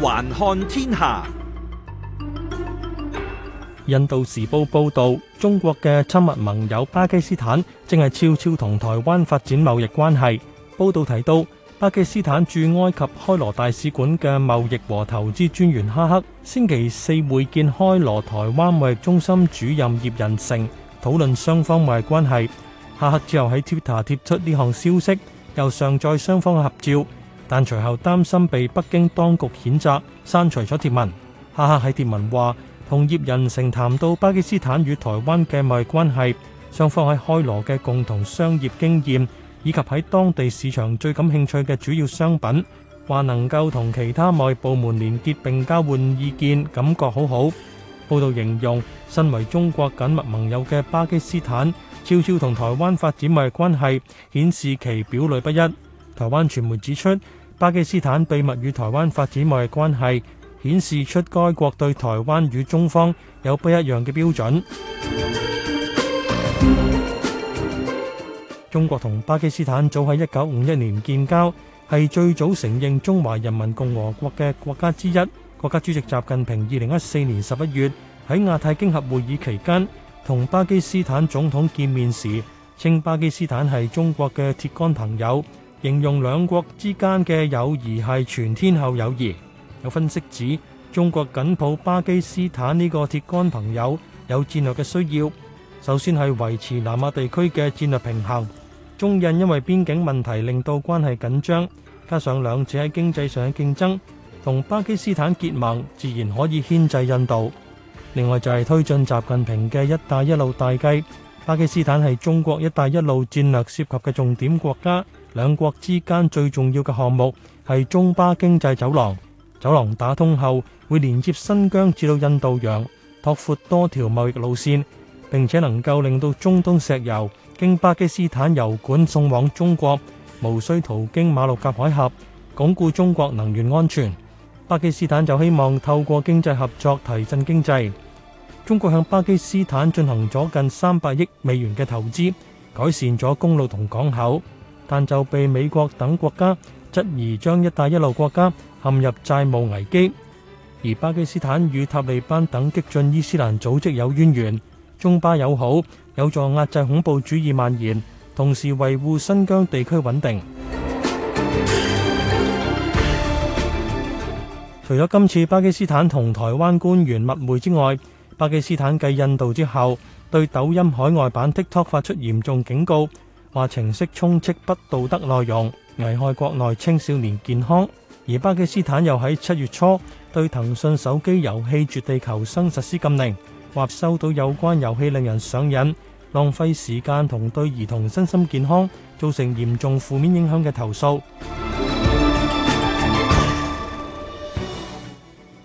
環看天下，《印度時報》報道，中國嘅親密盟友巴基斯坦正係悄悄同台灣發展貿易關係。報道提到，巴基斯坦駐埃及開羅大使館嘅貿易和投資專員哈克星期四會見開羅台灣貿易中心主任葉仁成，討論雙方貿易關係。哈克之後喺 Twitter 貼出呢項消息，又上載雙方嘅合照。但隨後擔心被北京當局譴責，刪除咗貼文。哈哈，喺貼文話同葉仁成談到巴基斯坦與台灣嘅貿易關係，雙方喺開羅嘅共同商業經驗以及喺當地市場最感興趣嘅主要商品，話能夠同其他貿易部門連結並交換意見，感覺好好。報道形容身為中國緊密盟友嘅巴基斯坦，悄悄同台灣發展貿易關係，顯示其表裏不一。台灣傳媒指出，巴基斯坦秘密與台灣發展貿易關係，顯示出該國對台灣與中方有不一樣嘅標準。中國同巴基斯坦早喺一九五一年建交，係最早承認中華人民共和國嘅國家之一。國家主席習近平二零一四年十一月喺亞太經合會議期間同巴基斯坦總統見面時，稱巴基斯坦係中國嘅鐵杆朋友。形容兩國之間嘅友誼係全天候友誼。有分析指，中國緊抱巴基斯坦呢個鐵桿朋友有戰略嘅需要。首先係維持南亞地區嘅戰略平衡。中印因為邊境問題令到關係緊張，加上兩者喺經濟上嘅競爭，同巴基斯坦結盟自然可以牽制印度。另外就係推進習近平嘅「一帶一路」大計。巴基斯坦係中國“一帶一路”戰略涉及嘅重點國家，兩國之間最重要嘅項目係中巴經濟走廊。走廊打通後，會連接新疆至到印度洋，拓闊多條貿易路線，並且能夠令到中東石油經巴基斯坦油管送往中國，無需途經馬六甲海峽，鞏固中國能源安全。巴基斯坦就希望透過經濟合作提振經濟。中國向巴基斯坦進行咗近三百億美元嘅投資，改善咗公路同港口，但就被美國等國家質疑將一帶一路國家陷入債務危機。而巴基斯坦與塔利班等激進伊斯蘭組織有淵源，中巴友好有助壓制恐怖主義蔓延，同時維護新疆地區穩定。除咗今次巴基斯坦同台灣官員密會之外，巴基斯坦繼印度之後，對抖音海外版 TikTok 發出嚴重警告，話程式充斥不道德內容，危害國內青少年健康。而巴基斯坦又喺七月初對騰訊手機遊戲《絕地求生》實施禁令，話收到有關遊戲令人上癮、浪費時間同對兒童身心健康造成嚴重負面影響嘅投訴。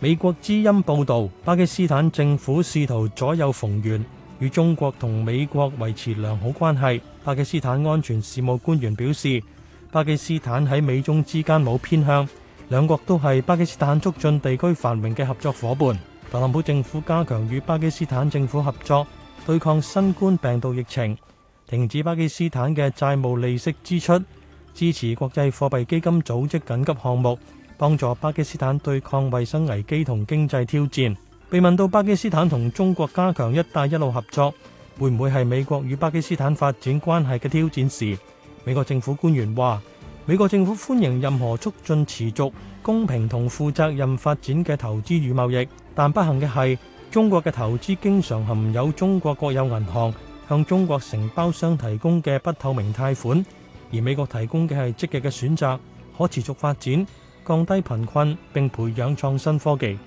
美國之音報道，巴基斯坦政府試圖左右逢源，與中國同美國維持良好關係。巴基斯坦安全事務官員表示，巴基斯坦喺美中之間冇偏向，兩國都係巴基斯坦促進地區繁榮嘅合作夥伴。特朗普政府加強與巴基斯坦政府合作，對抗新冠病毒疫情，停止巴基斯坦嘅債務利息支出，支持國際貨幣基金組織緊急項目。幫助巴基斯坦對抗衛生危機同經濟挑戰。被問到巴基斯坦同中國加強一帶一路合作會唔會係美國與巴基斯坦發展關係嘅挑戰時，美國政府官員話：美國政府歡迎任何促進持續、公平同負責任發展嘅投資與貿易，但不幸嘅係，中國嘅投資經常含有中國國有銀行向中國承包商提供嘅不透明貸款，而美國提供嘅係積極嘅選擇，可持續發展。降低貧困，並培養創新科技。